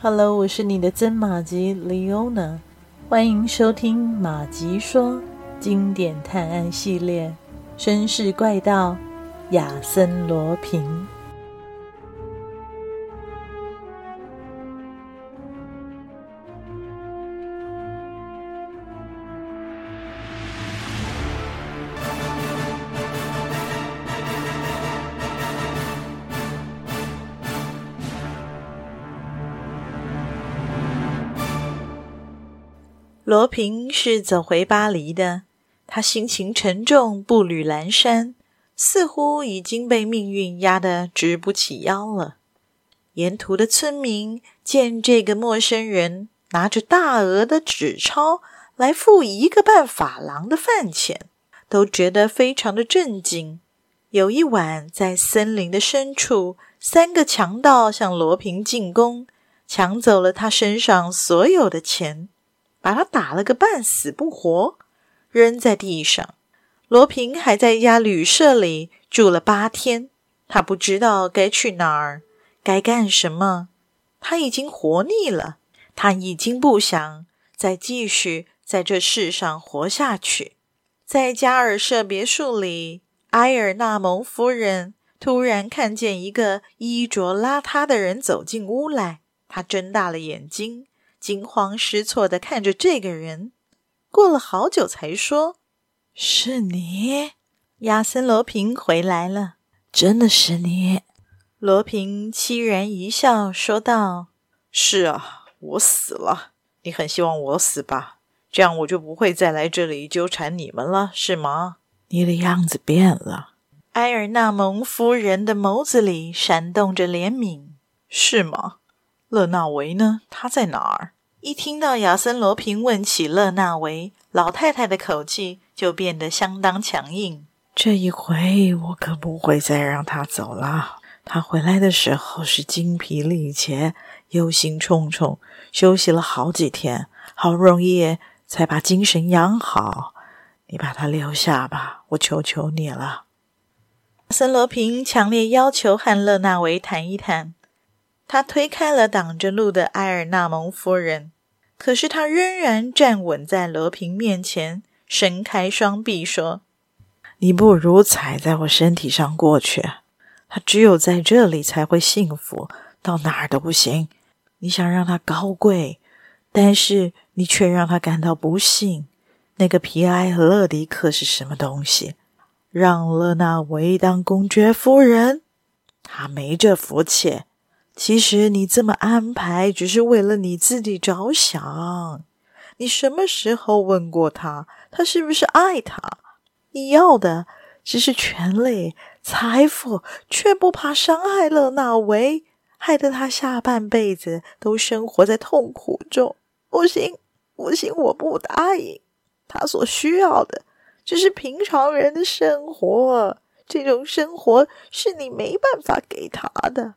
哈嘍，Hello, 我是你的真馬吉 Liona，歡迎收聽馬吉說經典探案系列《紳士怪盜亞森羅蘋》。羅蘋是走回巴黎的，他心情沉重，步履闌珊，似乎已經被命運壓得直不起腰了。沿途的村民見這個陌生人拿着大額的紙鈔來付一個半法郎的飯錢，都覺得非常的震驚。有一晚，在森林的深處，三個強盜向羅蘋進攻，搶走了他身上所有的錢。把他打了個半死不活，扔在地上。羅平還在一家旅社裡住了八天。他不知道該去哪兒，該幹什麼。他已經活膩了，他已經不想再繼續在這世上活下去。在加爾舍別墅裡，埃爾納蒙夫人突然看見一個衣着邋遢的人走進屋來，她睜大了眼睛。驚慌失措地看着這個人，過了好久才說：“是你，亞森羅平回來了，真的是你。”羅平淒然一笑，說道：“是啊，我死了。你很希望我死吧？這樣我就不會再來這裡糾纏你們了，是嗎？”你的樣子變了。埃爾納蒙夫人的眸子裡閃動着憐憫，是嗎？勒納維呢？他在哪兒？一聽到亞森·羅平問起勒納維，老太太的口氣就變得相當強硬。這一回我可不會再讓他走了。他回來的時候是精疲力竭，憂心忡忡，休息了好幾天，好不容易才把精神養好。你把他留下吧，我求求你了。亞森·羅平強烈要求和勒納維談一談。他推開了擋着路的埃爾納蒙夫人，可是他仍然站穩在羅平面前，伸開雙臂說：“你不如踩在我身體上過去。他只有在這裡才會幸福，到哪兒都不行。你想讓他高貴，但是你卻讓他感到不幸。那個皮埃爾勒迪克是什麼東西？讓勒納維當公爵夫人，他沒這福氣。”其實你這麼安排，只是為了你自己着想。你什麼時候問過他，他是不是愛他？你要的只是權力、財富，卻不怕傷害了那維，害得他下半輩子都生活在痛苦中。不行，不行，我不答應。他所需要的只、就是平常人的生活，這種生活是你沒辦法給他的。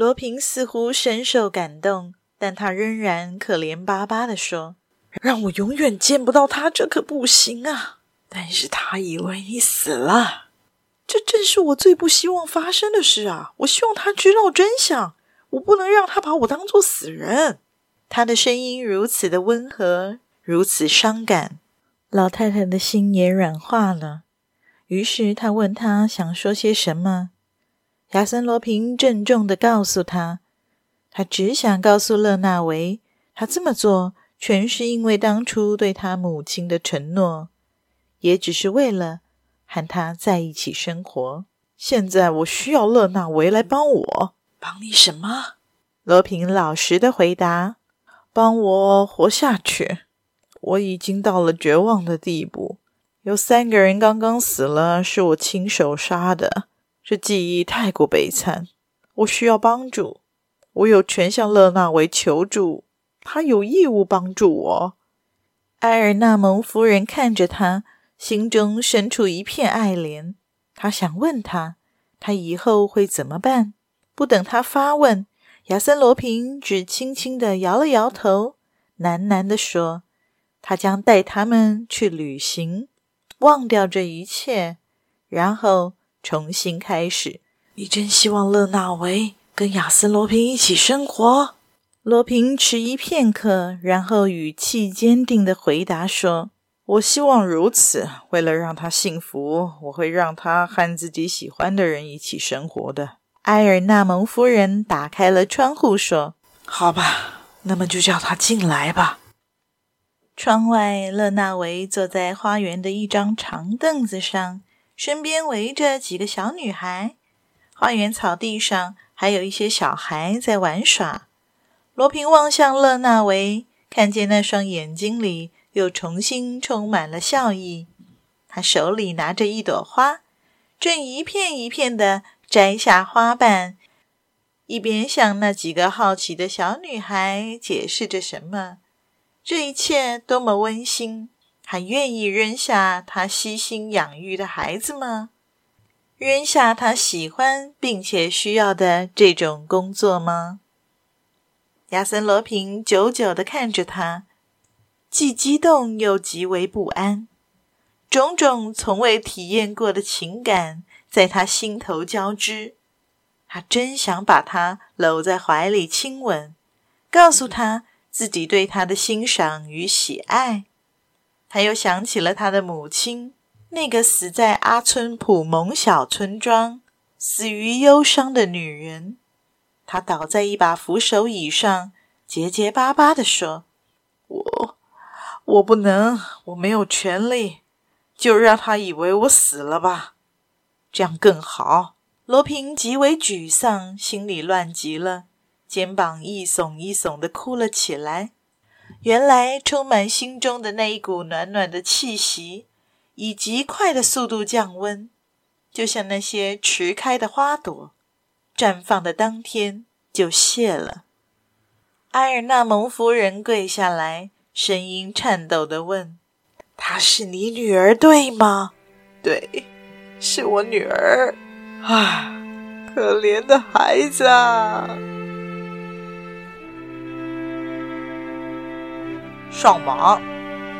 羅蘋似乎深受感動，但他仍然可憐巴巴地說：“讓我永遠見不到他，這可不行啊！”但是他以為你死了，這正是我最不希望發生的事啊！我希望他知道真相，我不能讓他把我當作死人。他的聲音如此的溫和，如此傷感。老太太的心也軟化了，於是他問他想說些什麼。亞森·羅平鄭重地告訴他：“他只想告訴勒納維，他這麼做全是因為當初對他母親的承諾，也只是為了和他在一起生活。現在我需要勒納維來幫我，幫你什麼？”羅平老實地回答：“幫我活下去。我已經到了絕望的地步，有三個人剛剛死了，是我親手殺的。”這記憶太過悲慘，我需要幫助，我有權向勒納維求助，他有義務幫助我。埃爾納蒙夫人看着他，心中生出一片愛憐。他想問他，他以後會怎麼辦？不等他發問，亞森羅平只輕輕地搖了搖頭，喃喃地說：“他將帶他們去旅行，忘掉這一切，然後。”重新開始，你真希望勒納維跟亞斯羅平一起生活？羅平遲疑片刻，然後語氣堅定地回答說：“我希望如此。為了讓他幸福，我會讓他和自己喜歡的人一起生活的。”埃爾納蒙夫人打開了窗戶，說：“好吧，那麼就叫他進來吧。”窗外，勒納維坐在花園的一張長凳子上。身邊圍着幾個小女孩，花園草地上還有一些小孩在玩耍。羅平望向勒納維，看見那雙眼睛裡又重新充滿了笑意。他手裡拿着一朵花，正一片一片地摘下花瓣，一邊向那幾個好奇的小女孩解釋着什麼。這一切多麼溫馨！還願意扔下他悉心養育的孩子嗎？扔下他喜歡並且需要的這種工作嗎？亞森·羅平久久地看着他，既激動又極為不安，種種從未體驗過的情感在他心頭交織。他真想把他摟在懷裡親吻，告訴他自己對他的欣賞與喜愛。他又想起了他的母親，那個死在阿村普蒙小村莊、死於憂傷的女人。他倒在一把扶手椅上，結結巴巴地說：“我，我不能，我沒有權利，就讓他以為我死了吧，這樣更好。”羅蘋極為沮喪，心裡亂極了，肩膀一聳一聳地哭了起來。原來充滿心中的那一股暖暖的氣息，以極快的速度降溫，就像那些遲開的花朵，綻放的當天就謝了。埃爾納蒙夫人跪下來，聲音顫抖地問：“她是你女兒，對嗎？”“對，是我女兒。”啊，可憐的孩子啊。”上馬，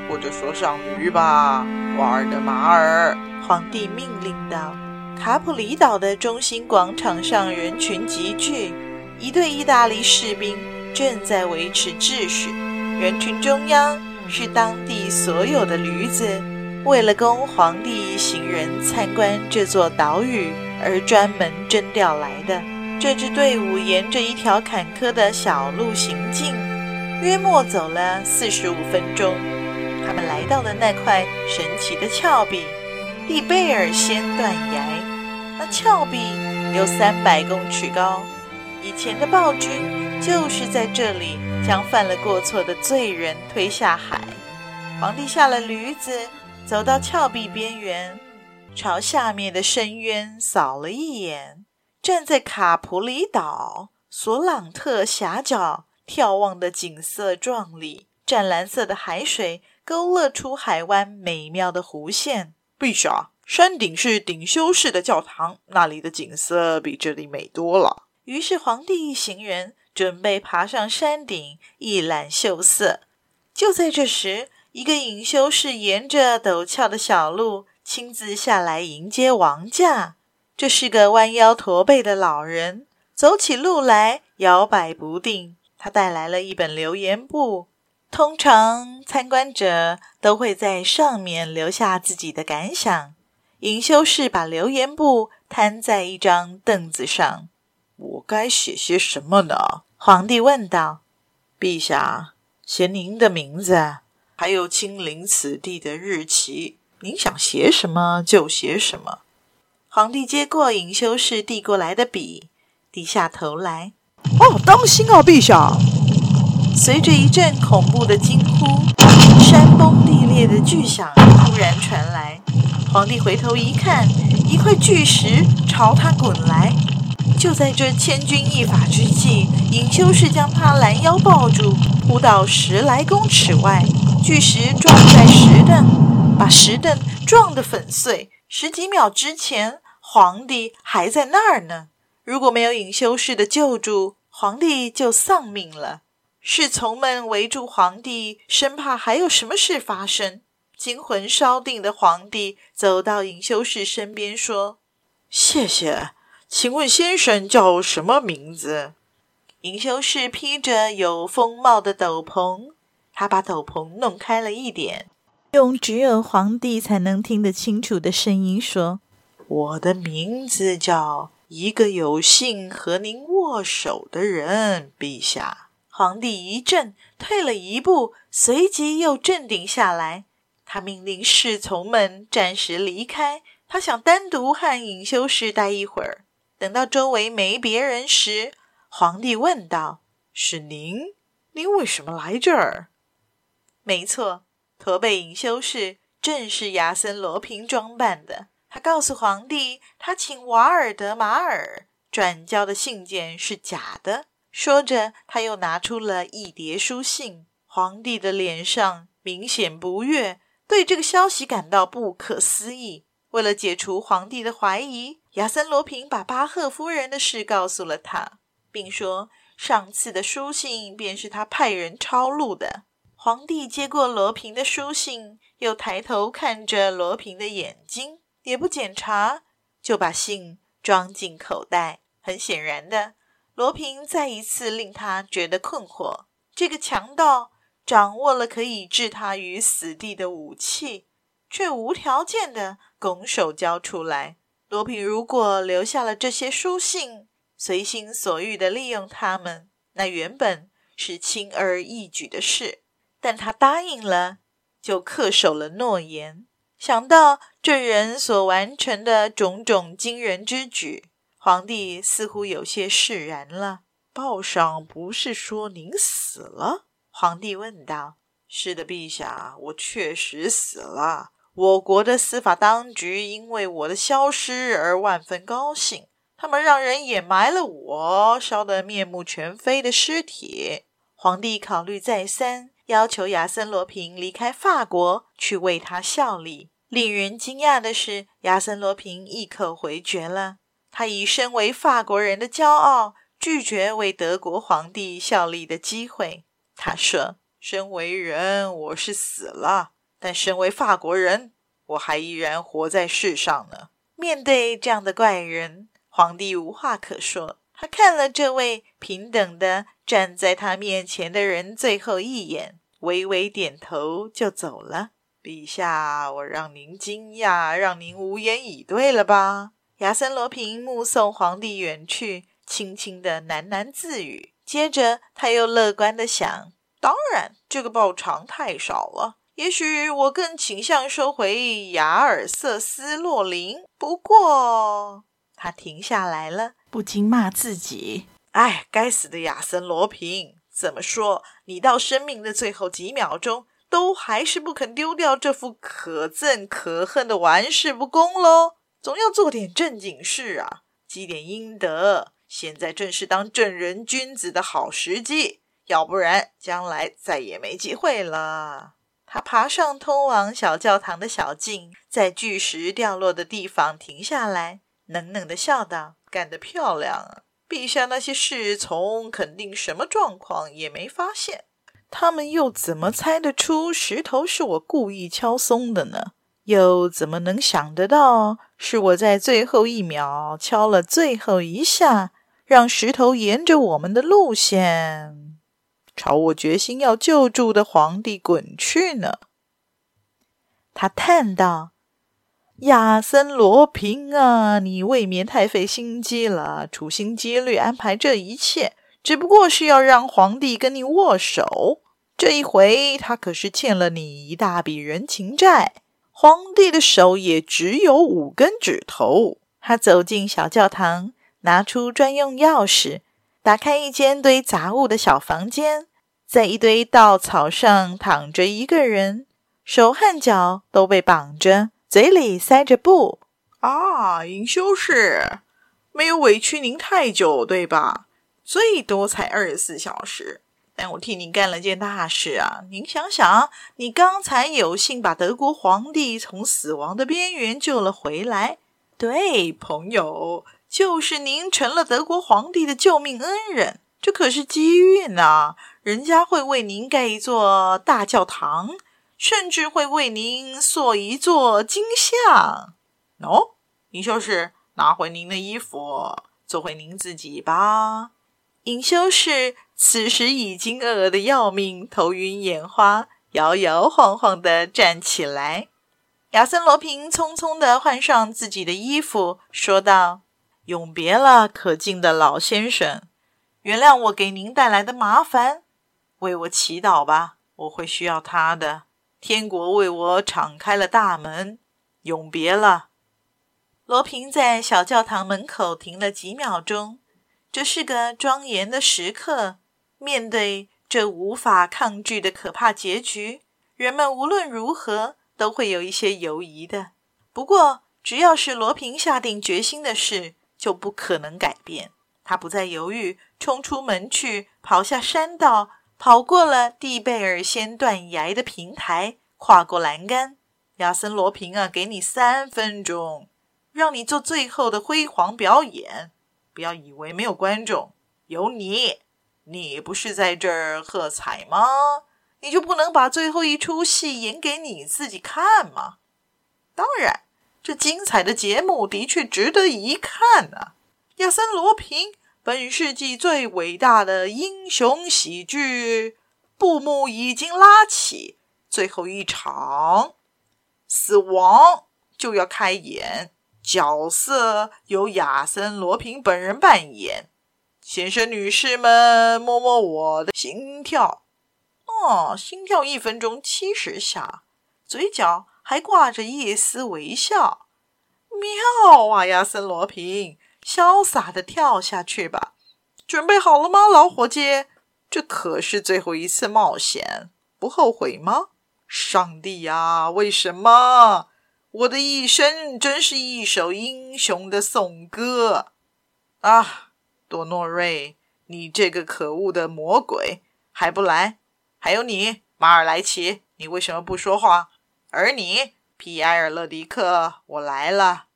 或者說上驢吧，瓦爾德馬爾。皇帝命令道。卡普里島的中心廣場上人群集聚，一隊意大利士兵正在維持秩序。人群中央是當地所有的驢子，為了供皇帝一行人參觀這座島嶼而專門徵調來的。這支隊伍沿着一條坎坷的小路行進。約莫走了四十五分鐘，他們來到了那塊神奇的峭壁——利貝爾仙斷崖。那峭壁有三百公尺高，以前的暴君就是在這裡將犯了過錯的罪人推下海。皇帝下了驢子，走到峭壁邊緣，朝下面的深淵掃了一眼，站在卡普里島索朗特狹角。眺望的景色壯麗，湛藍色的海水勾勒出海灣美妙的弧線。陛下，山頂是隱修士的教堂，那裡的景色比這裡美多了。於是，皇帝一行人準備爬上山頂一覽秀色。就在這時，一個隱修士沿着陡峭的小路親自下來迎接王駕。這是個彎腰駝背的老人，走起路來搖擺不定。他帶來了一本留言簿，通常參觀者都會在上面留下自己的感想。隱修士把留言簿攤在一張凳子上。“我該寫些什麼呢？”皇帝問道。“陛下，寫您的名字，還有親臨此地的日期。您想寫什麼就寫什麼。”皇帝接過隱修士遞過來的筆，低下頭來。哦，當心啊，陛下！隨着一陣恐怖的驚呼，山崩地裂的巨響突然傳來。皇帝回頭一看，一塊巨石朝他滾來。就在這千鈞一髮之際，隱修士將他攔腰抱住，撲到十來公尺外。巨石撞在石凳，把石凳撞得粉碎。十幾秒之前，皇帝還在那兒呢。如果沒有隱修士的救助，皇帝就喪命了。侍從們圍住皇帝，生怕還有什麼事發生。驚魂稍定的皇帝走到隱修士身邊，說：“謝謝，請問先生叫什麼名字？”隱修士披着有風帽的斗篷，他把斗篷弄開了一點，用只有皇帝才能聽得清楚的聲音說：“我的名字叫……”一個有幸和您握手的人，陛下。皇帝一震，退了一步，隨即又鎮定下來。他命令侍從們暫時離開，他想單獨和隱修士待一會兒。等到周圍沒別人時，皇帝問道：“是您？您為什麼來這兒？”沒錯，駝背隱修士正是亞森·羅蘋裝扮的。他告訴皇帝，他請瓦爾德馬爾轉交的信件是假的。說着，他又拿出了一疊書信。皇帝的臉上明顯不悅，對這個消息感到不可思議。為了解除皇帝的懷疑，亞森羅平把巴赫夫人的事告訴了他，並說上次的書信便是他派人抄錄的。皇帝接過羅平的書信，又抬頭看着羅平的眼睛。也不檢查，就把信裝進口袋。很顯然的，羅蘋再一次令他覺得困惑。這個強盜掌握了可以置他於死地的武器，卻無條件地拱手交出來。羅蘋如果留下了這些書信，隨心所欲地利用他們，那原本是輕而易舉的事。但他答應了，就恪守了諾言。想到這人所完成的種種驚人之舉，皇帝似乎有些釋然了。報上不是說您死了？皇帝問道，是的，陛下，我確實死了。我國的司法當局因為我的消失而萬分高興，他們讓人掩埋了我燒得面目全非的屍體。皇帝考慮再三。要求亞森·羅平離開法國去為他效力。令人驚訝的是，亞森·羅平一口回絕了。他以身為法國人的驕傲，拒絕為德國皇帝效力的機會。他說：“身為人，我是死了；但身為法國人，我還依然活在世上呢。”面對這樣的怪人，皇帝無話可說。他看了這位平等的站在他面前的人最後一眼，微微點頭就走了。陛下，我讓您驚訝，讓您無言以對了吧？亞森羅蘋目送皇帝遠去，輕輕的喃喃自語。接着，他又樂觀地想：當然，這個報償太少了。也許我更傾向收回雅爾瑟斯洛林。不過……他停下來了，不禁罵自己：“哎，該死的亞森·羅平！怎麼說，你到生命的最後幾秒鐘，都還是不肯丟掉這副可憎可恨的玩世不恭嘍？總要做點正經事啊，積點陰德。現在正是當正人君子的好時機，要不然將來再也沒機會了。”他爬上通往小教堂的小徑，在巨石掉落的地方停下來。冷冷地笑道：“幹得漂亮啊，陛下！那些侍從肯定什麼狀況也沒發現，他們又怎麼猜得出石頭是我故意敲鬆的呢？又怎麼能想得到是我在最後一秒敲了最後一下，讓石頭沿着我們的路線朝我決心要救助的皇帝滾去呢？”他嘆道。亞森·羅蘋啊，你未免太費心機了，處心積慮安排這一切，只不過是要讓皇帝跟你握手。這一回，他可是欠了你一大筆人情債。皇帝的手也只有五根指頭。他走進小教堂，拿出專用鑰匙，打開一間堆雜物的小房間，在一堆稻草上躺着一個人，手和腳都被綁着。嘴裡塞着布啊，隱修士，沒有委屈您太久，對吧？最多才二十四小時。但我替您幹了件大事啊！您想想，你剛才有幸把德國皇帝從死亡的邊緣救了回來。對，朋友，就是您成了德國皇帝的救命恩人，這可是機遇呢，啊！人家會為您蓋一座大教堂。甚至會為您塑一座金像。喏、哦，隱修士，拿回您的衣服，做回您自己吧。隱修士此時已經餓得要命，頭暈眼花，搖搖晃晃地站起來。亞森羅平匆匆地換上自己的衣服，說道：“永別了，可敬的老先生，原諒我給您帶來的麻煩。為我祈禱吧，我會需要他的。”天國為我敞開了大門，永別了。羅蘋在小教堂門口停了幾秒鐘，這是個莊嚴的時刻。面對這無法抗拒的可怕結局，人們無論如何都會有一些猶疑的。不過，只要是羅蘋下定決心的事，就不可能改變。他不再猶豫，衝出門去，跑下山道。跑過了蒂貝爾先斷崖的平台，跨過欄杆，亞森羅平啊，給你三分鐘，讓你做最後的輝煌表演。不要以為沒有觀眾，有你，你不是在這兒喝彩嗎？你就不能把最後一齣戲演給你自己看嗎？當然，這精彩的節目的確值得一看啊，亞森羅平。本世紀最偉大的英雄喜劇，布幕已經拉起最後一場，死亡就要開演。角色由亞森·羅平本人扮演。先生、女士們，摸摸我的心跳，哦，心跳一分鐘七十下，嘴角還掛着一絲微笑。妙啊，亞森·羅平！瀟灑地跳下去吧，準備好了嗎，老夥計？這可是最後一次冒險，不後悔嗎？上帝啊，為什麼？我的一生真是一首英雄的頌歌啊，多諾瑞，你這個可惡的魔鬼，還不來？還有你，馬爾萊奇，你為什麼不說話？而你，皮埃爾·勒迪克，我來了。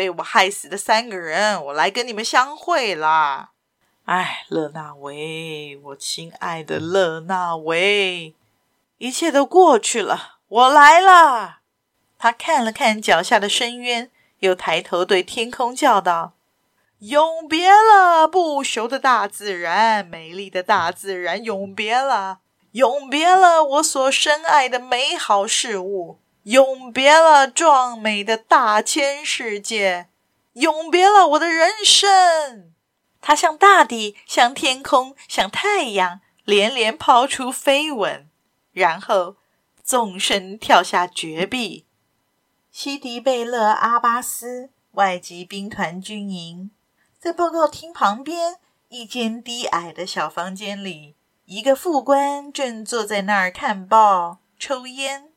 被我害死的三個人，我來跟你們相會啦！哎，勒納維，我親愛的勒納維，一切都過去了，我來了。他看了看腳下的深淵，又抬頭對天空叫道：“永別了，不朽的大自然，美麗的大自然，永別了，永別了，我所深愛的美好事物。”永別了，壯美的大千世界！永別了，我的人生！他向大地、向天空、向太陽連連拋出飛吻，然後縱身跳下絕壁。西迪貝勒阿巴斯外籍兵團軍營，在報告廳旁邊一間低矮的小房間裡，一個副官正坐在那兒看報、抽煙。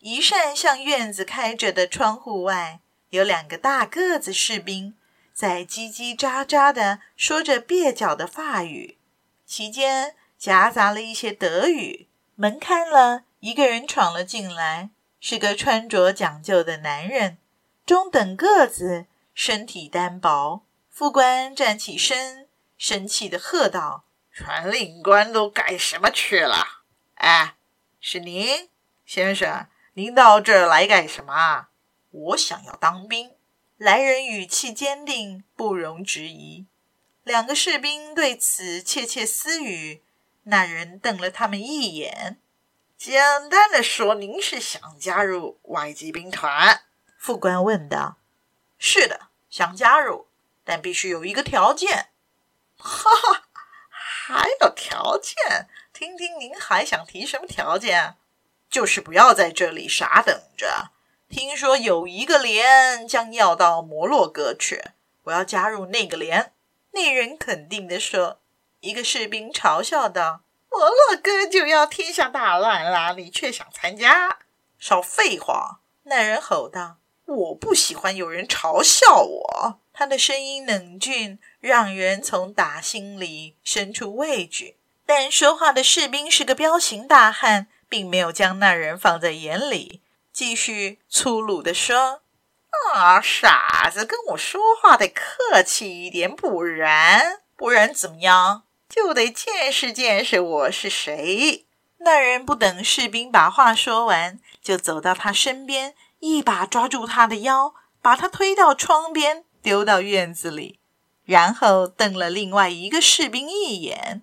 一扇向院子開着的窗戶外，有兩個大個子士兵在嘰嘰喳喳地說着蹩腳的法語，其間夾雜了一些德語。門開了，一個人闖了進來，是個穿着講究的男人，中等個子，身體單薄。副官站起身，生氣地喝道：“傳令官都幹什麼去了？哎，是您，先生。”您到這兒來幹什麼？我想要當兵。來人語氣堅定，不容置疑。兩個士兵對此竊竊私語。那人瞪了他們一眼。簡單的說，您是想加入外籍兵團？副官問道。是的，想加入，但必須有一個條件。哈哈，還有條件？聽聽您還想提什麼條件？就是不要在這裡傻等着。聽說有一個連將要到摩洛哥去，我要加入那個連。”那人肯定地說。一個士兵嘲笑道：“摩洛哥就要天下大亂啦，你卻想參加？少廢話！”那人吼道：“我不喜歡有人嘲笑我。”他的聲音冷峻，讓人從打心裡生出畏懼。但說話的士兵是個彪形大漢。並沒有將那人放在眼裡，繼續粗魯地說：“啊，傻子，跟我說話得客氣一點，不然，不然怎麼樣？就得見識見識我是誰。”那人不等士兵把話說完，就走到他身邊，一把抓住他的腰，把他推到窗邊，丟到院子裡，然後瞪了另外一個士兵一眼。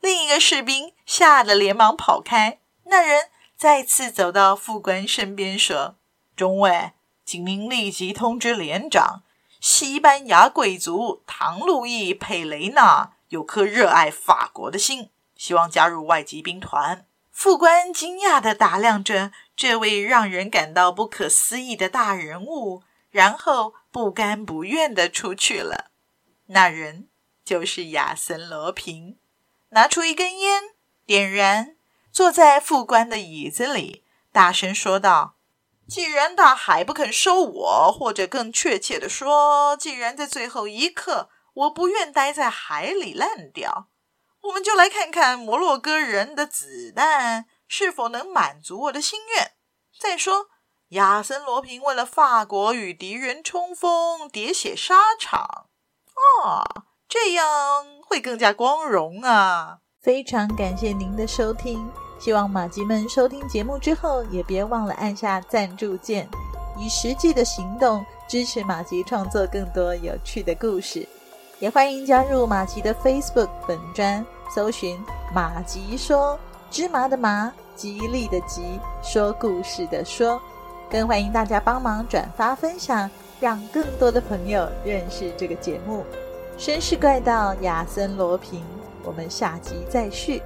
另一個士兵嚇得連忙跑開。那人再次走到副官身邊，說：“中尉，請您立即通知連長，西班牙貴族唐·路易·佩雷娜有顆熱愛法國的心，希望加入外籍兵團。”副官驚訝地打量着這位讓人感到不可思議的大人物，然後不甘不願地出去了。那人就是亞森·羅平，拿出一根煙，點燃。坐在副官的椅子裡，大聲說道：“既然大海不肯收我，或者更確切地說，既然在最後一刻我不願待在海裡爛掉，我們就來看看摩洛哥人的子彈是否能滿足我的心願。再說，亞森·羅平為了法國與敵人衝鋒，喋血沙場，啊，這樣會更加光榮啊！非常感謝您的收聽。”希望麻吉們收聽節目之後，也別忘了按下贊助鍵，以實際的行動支持麻吉創作更多有趣的故事。也歡迎加入麻吉的 Facebook 粉專，搜尋“麻吉說芝麻的麻吉利的吉說故事的說”，更歡迎大家幫忙轉發分享，讓更多的朋友認識這個節目。紳士怪盜亞森羅蘋，我們下集再續。